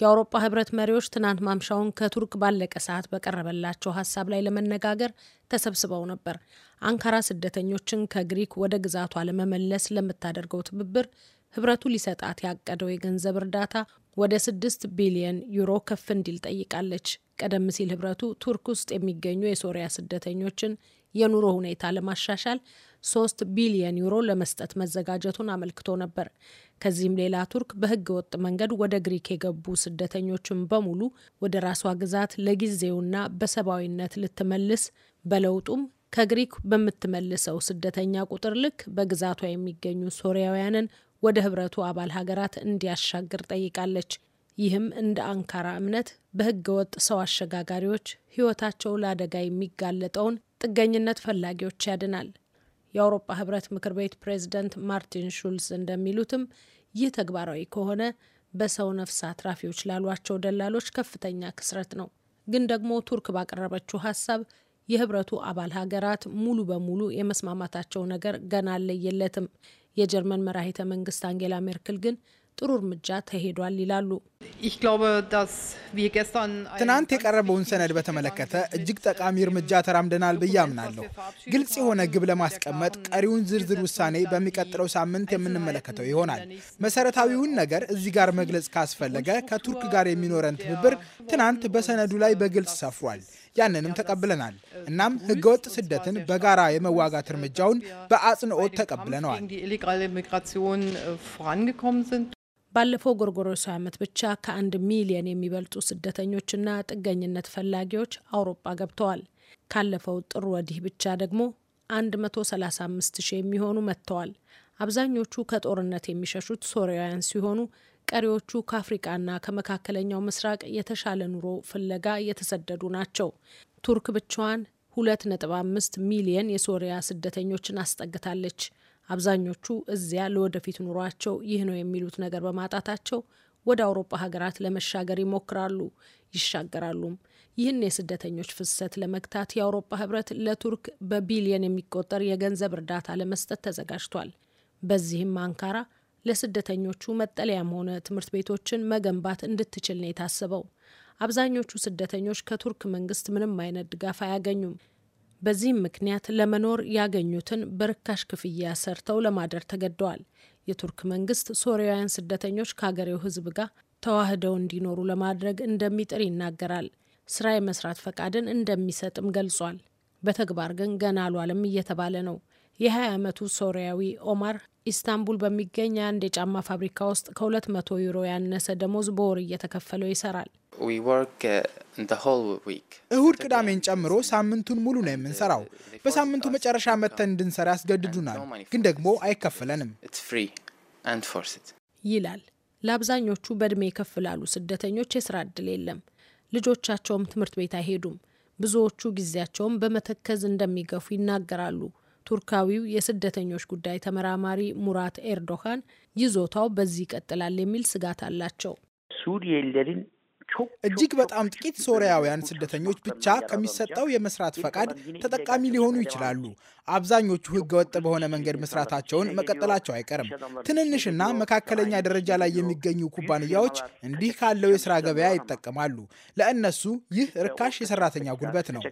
የአውሮፓ ህብረት መሪዎች ትናንት ማምሻውን ከቱርክ ባለቀ ሰዓት በቀረበላቸው ሀሳብ ላይ ለመነጋገር ተሰብስበው ነበር። አንካራ ስደተኞችን ከግሪክ ወደ ግዛቷ ለመመለስ ለምታደርገው ትብብር ህብረቱ ሊሰጣት ያቀደው የገንዘብ እርዳታ ወደ ስድስት ቢሊየን ዩሮ ከፍ እንዲል ጠይቃለች። ቀደም ሲል ህብረቱ ቱርክ ውስጥ የሚገኙ የሶሪያ ስደተኞችን የኑሮ ሁኔታ ለማሻሻል ሶስት ቢሊየን ዩሮ ለመስጠት መዘጋጀቱን አመልክቶ ነበር። ከዚህም ሌላ ቱርክ በህገ ወጥ መንገድ ወደ ግሪክ የገቡ ስደተኞችን በሙሉ ወደ ራሷ ግዛት ለጊዜውና በሰብአዊነት ልትመልስ በለውጡም ከግሪክ በምትመልሰው ስደተኛ ቁጥር ልክ በግዛቷ የሚገኙ ሶሪያውያንን ወደ ህብረቱ አባል ሀገራት እንዲያሻግር ጠይቃለች። ይህም እንደ አንካራ እምነት በህገ ወጥ ሰው አሸጋጋሪዎች ህይወታቸው ለአደጋ የሚጋለጠውን ጥገኝነት ፈላጊዎች ያድናል። የአውሮፓ ህብረት ምክር ቤት ፕሬዝደንት ማርቲን ሹልስ እንደሚሉትም ይህ ተግባራዊ ከሆነ በሰው ነፍስ አትራፊዎች ላሏቸው ደላሎች ከፍተኛ ክስረት ነው። ግን ደግሞ ቱርክ ባቀረበችው ሀሳብ የህብረቱ አባል ሀገራት ሙሉ በሙሉ የመስማማታቸው ነገር ገና አለየለትም የጀርመን መራሂተ መንግስት አንጌላ ሜርክል ግን ጥሩ እርምጃ ተሄዷል ይላሉ። ትናንት የቀረበውን ሰነድ በተመለከተ እጅግ ጠቃሚ እርምጃ ተራምደናል ብዬ አምናለሁ። ግልጽ የሆነ ግብ ለማስቀመጥ ቀሪውን ዝርዝር ውሳኔ በሚቀጥለው ሳምንት የምንመለከተው ይሆናል። መሰረታዊውን ነገር እዚህ ጋር መግለጽ ካስፈለገ ከቱርክ ጋር የሚኖረን ትብብር ትናንት በሰነዱ ላይ በግልጽ ሰፍሯል። ያንንም ተቀብለናል። እናም ህገወጥ ስደትን በጋራ የመዋጋት እርምጃውን በአጽንኦት ተቀብለነዋል። ባለፈው ጎርጎሮሳዊ ዓመት ብቻ ከአንድ ሚሊየን የሚበልጡ ስደተኞችና ጥገኝነት ፈላጊዎች አውሮፓ ገብተዋል። ካለፈው ጥር ወዲህ ብቻ ደግሞ 135 ሺህ የሚሆኑ መጥተዋል። አብዛኞቹ ከጦርነት የሚሸሹት ሶሪያውያን ሲሆኑ ቀሪዎቹ ከአፍሪቃና ከመካከለኛው ምስራቅ የተሻለ ኑሮ ፍለጋ የተሰደዱ ናቸው። ቱርክ ብቻዋን 2.5 ሚሊየን የሶሪያ ስደተኞችን አስጠግታለች። አብዛኞቹ እዚያ ለወደፊት ኑሯቸው ይህ ነው የሚሉት ነገር በማጣታቸው ወደ አውሮፓ ሀገራት ለመሻገር ይሞክራሉ፣ ይሻገራሉም። ይህን የስደተኞች ፍሰት ለመግታት የአውሮፓ ህብረት ለቱርክ በቢሊየን የሚቆጠር የገንዘብ እርዳታ ለመስጠት ተዘጋጅቷል። በዚህም አንካራ ለስደተኞቹ መጠለያም ሆነ ትምህርት ቤቶችን መገንባት እንድትችል ነው የታሰበው። አብዛኞቹ ስደተኞች ከቱርክ መንግስት ምንም አይነት ድጋፍ አያገኙም። በዚህም ምክንያት ለመኖር ያገኙትን በርካሽ ክፍያ ሰርተው ለማደር ተገደዋል። የቱርክ መንግስት ሶሪያውያን ስደተኞች ከሀገሬው ህዝብ ጋር ተዋህደው እንዲኖሩ ለማድረግ እንደሚጥር ይናገራል። ስራ የመስራት ፈቃድን እንደሚሰጥም ገልጿል። በተግባር ግን ገና አሏልም እየተባለ ነው። የ20 ዓመቱ ሶሪያዊ ኦማር ኢስታንቡል በሚገኝ አንድ የጫማ ፋብሪካ ውስጥ ከ200 ዩሮ ያነሰ ደሞዝ በወር እየተከፈለው ይሰራል። Uh, እሁድ ቅዳሜን ጨምሮ ሳምንቱን ሙሉ ነው የምንሰራው። በሳምንቱ መጨረሻ መጥተን እንድንሰራ ያስገድዱናል፣ ግን ደግሞ አይከፍለንም ይላል። ለአብዛኞቹ በእድሜ ከፍ ላሉ ስደተኞች የስራ እድል የለም። ልጆቻቸውም ትምህርት ቤት አይሄዱም። ብዙዎቹ ጊዜያቸውም በመተከዝ እንደሚገፉ ይናገራሉ። ቱርካዊው የስደተኞች ጉዳይ ተመራማሪ ሙራት ኤርዶሃን ይዞታው በዚህ ይቀጥላል የሚል ስጋት አላቸው። የለልን እጅግ በጣም ጥቂት ሶሪያውያን ስደተኞች ብቻ ከሚሰጠው የመስራት ፈቃድ ተጠቃሚ ሊሆኑ ይችላሉ። አብዛኞቹ ህገወጥ በሆነ መንገድ መስራታቸውን መቀጠላቸው አይቀርም። ትንንሽና መካከለኛ ደረጃ ላይ የሚገኙ ኩባንያዎች እንዲህ ካለው የስራ ገበያ ይጠቀማሉ። ለእነሱ ይህ ርካሽ የሰራተኛ ጉልበት ነው።